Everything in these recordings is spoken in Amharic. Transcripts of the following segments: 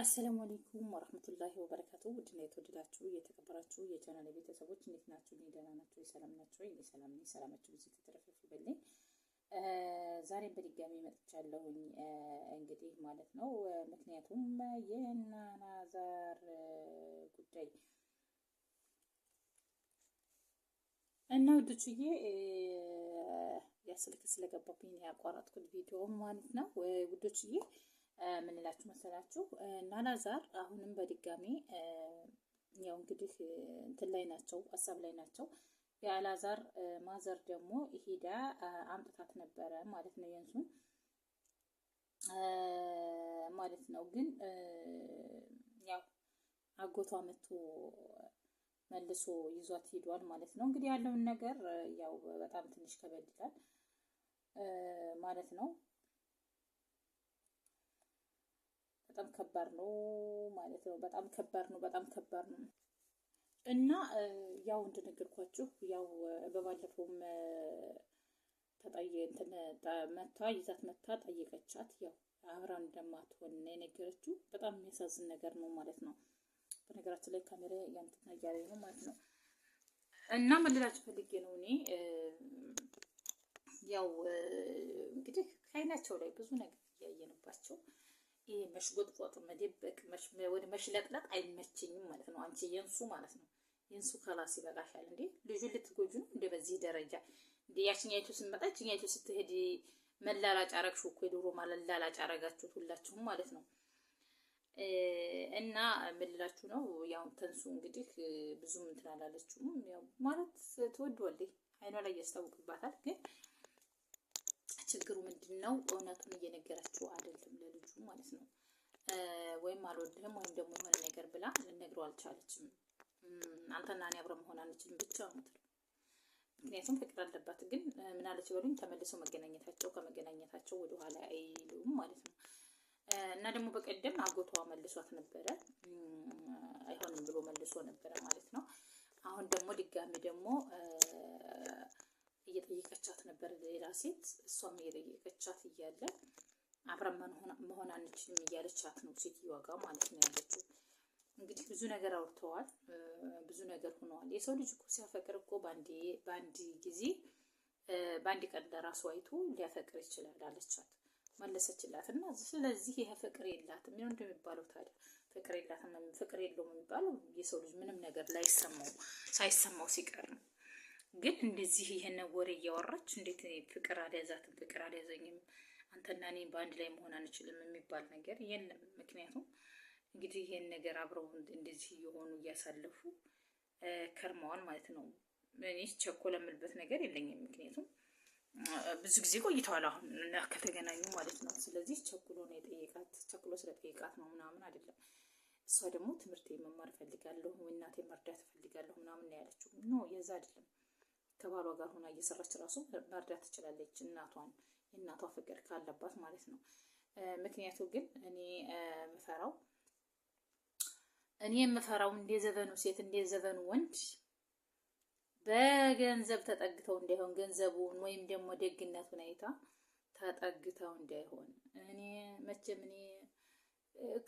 አሰላሙ አሌይኩም ወረህመቱላሂ ወበረካቱ። ውድና የተወደዳችሁ የተከበራችሁ የቻናል ቤተሰቦች እንዴት ናችሁ? እኔ ደህና ናችሁ? ሰላም ናችሁ? እኔ ሰላም ነኝ። ሰላማችሁ ብዙ ተረፈፍ ይበልኝ። ዛሬም በድጋሚ መጥቻለሁኝ እንግዲህ ማለት ነው። ምክንያቱም የናናዛር ጉዳይ እና ውዶችዬ ያ ስልክ ስለገባብኝ ያቋረጥኩት ቪዲዮ ማለት ነው ውዶችዬ ምንላችሁ መሰላችሁ ናናዛር አሁንም በድጋሚ ያው እንግዲህ እንትን ላይ ናቸው፣ ሀሳብ ላይ ናቸው። የአላዛር ማዘር ደግሞ ሄዳ አምጥታት ነበረ ማለት ነው የእንሱን ማለት ነው። ግን ያው አጎቷ መቶ መልሶ ይዟት ሂዷል ማለት ነው። እንግዲህ ያለውን ነገር ያው በጣም ትንሽ ከበድ ይላል ማለት ነው። በጣም ከባድ ነው ማለት ነው። በጣም ከባድ ነው። በጣም ከባድ ነው እና ያው እንደነገርኳችሁ ያው በባለፈውም ተጠየ እንትን መታ ይዛት መታ ጠየቀቻት። ያው አብራ እንደማትሆን የነገረችው በጣም የሚያሳዝን ነገር ነው ማለት ነው። በነገራችን ላይ ካሜራ ያንትና እያለኝ ነው ማለት ነው እና መልላችሁ ፈልጌ ነው እኔ ያው እንግዲህ ከአይናቸው ላይ ብዙ ነገር እያየንባቸው ይሄ መሽጎጥቆጥ መደበቅ ወደ መሽለጥለጥ አይመችኝም ማለት ነው። አንቺ የንሱ ማለት ነው የንሱ ከላስ ይበቃሻል። እንዴ ልጁ ልትጎጁ ነው እንደ በዚህ ደረጃ እንዴ! ያችኛይቱ ስትመጣ ያችኛይቱ ስትሄድ መላላጭ አረግሽ እኮ የዶሮ መላላጫ አረጋችሁት ሁላችሁም ማለት ነው። እና ምልላችሁ ነው ያው ተንሱ እንግዲህ ብዙም እንትን አላለችውም። ያው ማለት ትወድ ወልዴ አይኗ ላይ ያስታውቅባታል ግን ችግሩ ምንድን ነው? እውነቱን እየነገረችው አይደለም ለልጁ ማለት ነው። ወይም አልወድህም ወይም ደግሞ የሆነ ነገር ብላ ልነግረው አልቻለችም። አንተና እኔ አብረን መሆን አንችልም ብቻ ነው። ምክንያቱም ፍቅር አለባት። ግን ምናለች በሉኝ ተመልሰው መገናኘታቸው ከመገናኘታቸው ወደኋላ አይሉም ማለት ነው። እና ደግሞ በቀደም አጎቷ መልሷት ነበረ አይሆንም ብሎ መልሶ ነበረ ማለት ነው። አሁን ደግሞ ድጋሚ ደግሞ እየጠየቀቻት ነበር ሌላ ሴት። እሷም እየጠየቀቻት እያለ አብረን መሆን አንችልም እያለቻት ነው ሴትዮዋ ጋር ማለት ነው ያለችው። እንግዲህ ብዙ ነገር አውርተዋል፣ ብዙ ነገር ሆነዋል። የሰው ልጅ እኮ ሲያፈቅር እኮ በአንድ ጊዜ በአንድ ቀን ለራሱ አይቶ ሊያፈቅር ይችላል አለቻት፣ መለሰችላት እና ስለዚህ ይሄ ፍቅር የላትም ይኸው እንደሚባለው ታዲያ ፍቅር የላትም ፍቅር የለውም የሚባለው የሰው ልጅ ምንም ነገር ላይሰማው ሳይሰማው ሲቀር ነው። ግን እንደዚህ ይሄን ወሬ እያወራች እንዴት ፍቅር አልያዛትም፣ ፍቅር አልያዘኝም፣ አንተና እኔ በአንድ ላይ መሆን አንችልም የሚባል ነገር የለም። ምክንያቱም እንግዲህ ይሄን ነገር አብረው እንደዚህ እየሆኑ እያሳለፉ ከርመዋል ማለት ነው። እኔ ቸኮል የምልበት ነገር የለኝም። ምክንያቱም ብዙ ጊዜ ቆይተዋል አሁን እና ከተገናኙ ማለት ነው። ስለዚህ ቸኩሎ ነው የጠየቃት፣ ቸኩሎ ስለጠየቃት ነው ምናምን አይደለም። እሷ ደግሞ ትምህርት መማር እፈልጋለሁ፣ እናቴ መርዳት እፈልጋለሁ ምናምን ያለችው። ኖ የዛ አይደለም ከባሏ ጋር ሆና እየሰራች ራሱ መርዳት ትችላለች፣ እናቷን የእናቷ ፍቅር ካለባት ማለት ነው። ምክንያቱ ግን እኔ የምፈራው እኔ የምፈራው እንደ ዘበኑ ሴት እንደ ዘበኑ ወንድ በገንዘብ ተጠግተው እንዳይሆን ገንዘቡን ወይም ደግሞ ደግነቱን አይታ ተጠግተው እንዳይሆን። እኔ መቼም እኔ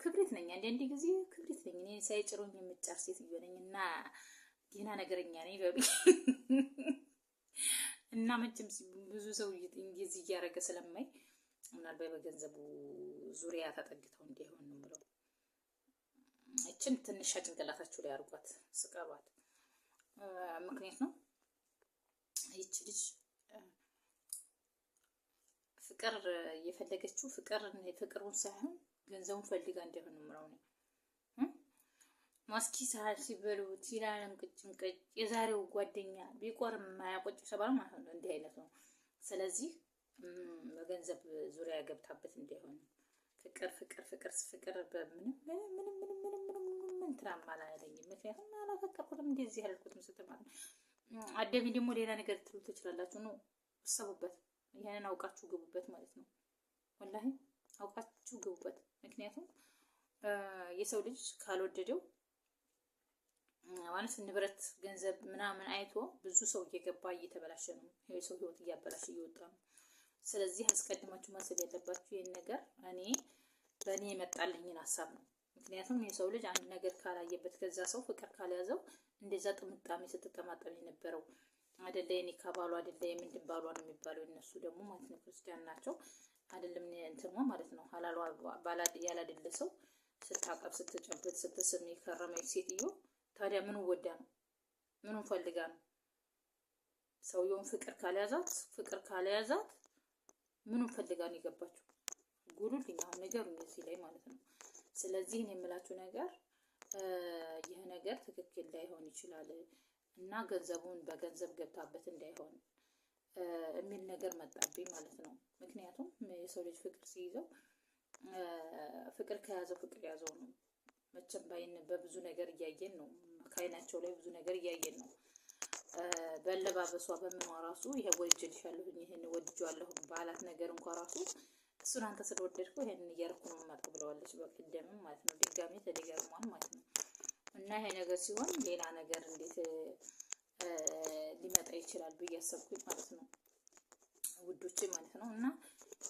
ክብሪት ነኝ፣ አንዳንድ ጊዜ ክብሪት ነኝ። እኔ ሳይጭሩኝ የምጫር ሴትዮ ነኝ እና ጤና ነገረኛ ነኝ በብኝ እና መቼም ብዙ ሰው እንደዚህ እያደረገ ስለማይ ምናልባት በገንዘቡ ዙሪያ ተጠግተው እንዲሆን ነው ብለው እችን ትንሽ ጭንቅላታችሁ ላይ አድርጓት ስቀሯት። ምክንያት ነው ይች ልጅ ፍቅር የፈለገችው ፍቅር ፍቅሩን ሳይሆን ገንዘቡን ፈልጋ እንዲሆን ነው ምለው ነው ማስኪ ሰዓት ሲበሉት ይላለን ቅጭም ቅጭ። የዛሬው ጓደኛ ቢቆር ማያቆጭ ሰባል ማለት ነው። እንዲህ አይነት ነው። ስለዚህ በገንዘብ ዙሪያ ገብታበት እንዲሆን ፍቅር ፍቅር ፍቅር ፍቅር በምንም ምንም ምንም ምንም ምንም ምንም ምንም አላለኝም። ምክንያቱም አላፈቀርኩትም እንደዚህ ያልኩትም ስትል ማለት ነው። አደሚ ደግሞ ሌላ ነገር ትሉ ትችላላችሁ። ነው ሰቡበት። ይህንን አውቃችሁ ግቡበት ማለት ነው። ወላሂ አውቃችሁ ግቡበት። ምክንያቱም የሰው ልጅ ካልወደደው ማለት ንብረት ገንዘብ ምናምን አይቶ ብዙ ሰው እየገባ እየተበላሸ ነው። የሰው ህይወት እያበላሸ እየወጣ ነው። ስለዚህ አስቀድማችሁ ማሰብ ያለባችሁ ይህን ነገር እኔ በእኔ የመጣልኝን ሀሳብ ነው። ምክንያቱም የሰው ልጅ አንድ ነገር ካላየበት ከዛ ሰው ፍቅር ካልያዘው እንደዛ ጥምጣሜ ስትጠማጠም የነበረው አደለ የኔ ከባሏ አደለ የምንድን ባሏ ነው የሚባለው እነሱ ደግሞ ማለት ነው ክርስቲያን ናቸው አደለም እንትሟ ማለት ነው ያላደለ ሰው ስታቀብ ስትጨብጥ ስትስም የከረመች ሴትዮ ታዲያ ምኑ ወዳ ነው? ምኑን ፈልጋ ነው? ሰውየውን ፍቅር ካልያዛት ፍቅር ካልያዛት ምኑን ፈልጋ ነው የገባችው? ጉዱልኝ አሁን ነገሩኝ እዚህ ላይ ማለት ነው። ስለዚህ የምላችሁ ነገር ይህ ነገር ትክክል ላይሆን ይችላል እና ገንዘቡን በገንዘብ ገብታበት እንዳይሆን የሚል ነገር መጣብኝ ማለት ነው። ምክንያቱም የሰው ልጅ ፍቅር ሲይዘው ፍቅር ከያዘው ፍቅር ያዘው ነው። መቼም ባይን በብዙ ነገር እያየን ነው። ከአይናቸው ላይ ብዙ ነገር እያየን ነው። በአለባበሷ በምኗ ራሱ ይሄ ወድጄልሻለሁ፣ ይህን ወድጄዋለሁ ባላት ነገር እንኳ ራሱ እሱን አንተ ስለወደድኩ ይሄን እያደረኩ ነው የማውቅ ብለዋለች። በቅደምም ማለት ነው ድጋሚ ተደጋግሟል ማለት ነው። እና ይሄ ነገር ሲሆን ሌላ ነገር እንዴት ሊመጣ ይችላል ብዬ አሰብኩኝ ማለት ነው ውዶቼ ማለት ነው። እና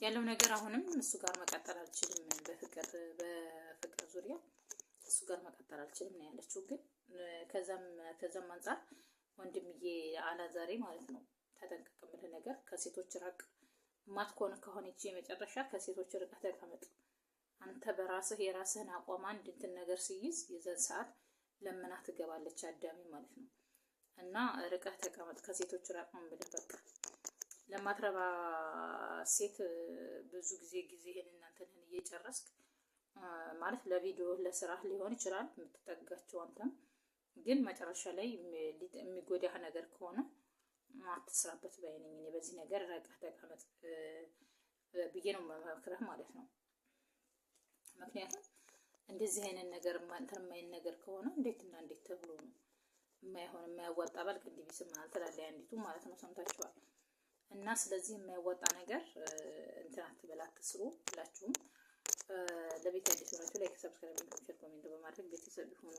ያለው ነገር አሁንም እሱ ጋር መቀጠል አልችልም በፍቅር በፍቅር ዙሪያ ከሱ ጋር መቀጠል አልችልም ነው ያለችው። ግን ከዛም ከዛም አንጻር ወንድምዬ አላዛሬ ማለት ነው ተጠንቀቅ የምልህ ነገር ከሴቶች ራቅ። ማትኮን ከሆነ ይቺ የመጨረሻ ከሴቶች ርቀህ ተቀመጥ። አንተ በራስህ የራስህን አቋም አንድ እንትን ነገር ሲይዝ የዘን ሰዓት ለምና ትገባለች አዳሚ ማለት ነው። እና ርቀህ ተቀመጥ፣ ከሴቶች ራቅ ነው የምልህ በቃ ለማትረባ ሴት ብዙ ጊዜ ጊዜህን እናንተን እየጨረስክ ማለት ለቪዲዮ ለስራ ሊሆን ይችላል የምትጠጋቸው አንተም ግን መጨረሻ ላይ የሚጎዳህ ነገር ከሆነ አትስራበት ባይነኝ እኔ በዚህ ነገር ረቀህ ተቀመጥ ብዬ ነው መመክረህ ማለት ነው። ምክንያቱም እንደዚህ አይነት ነገር እንትን የማይን ነገር ከሆነ እንዴት እና እንዴት ተብሎ ነው የማይሆን የማያዋጣ ባልክ እንዲህ ቢስምሃል ትላለች አንዲቱ ማለት ነው። ሰምታችኋል። እና ስለዚህ የማያዋጣ ነገር እንትን አትበላ አትስሩ ብላችሁም ለቤት አዲስ ሆናችሁ ላይክ፣ ሰብስክራይብ፣ ሼር፣ ኮሜንት በማድረግ ቤተሰብ ይሁኑ።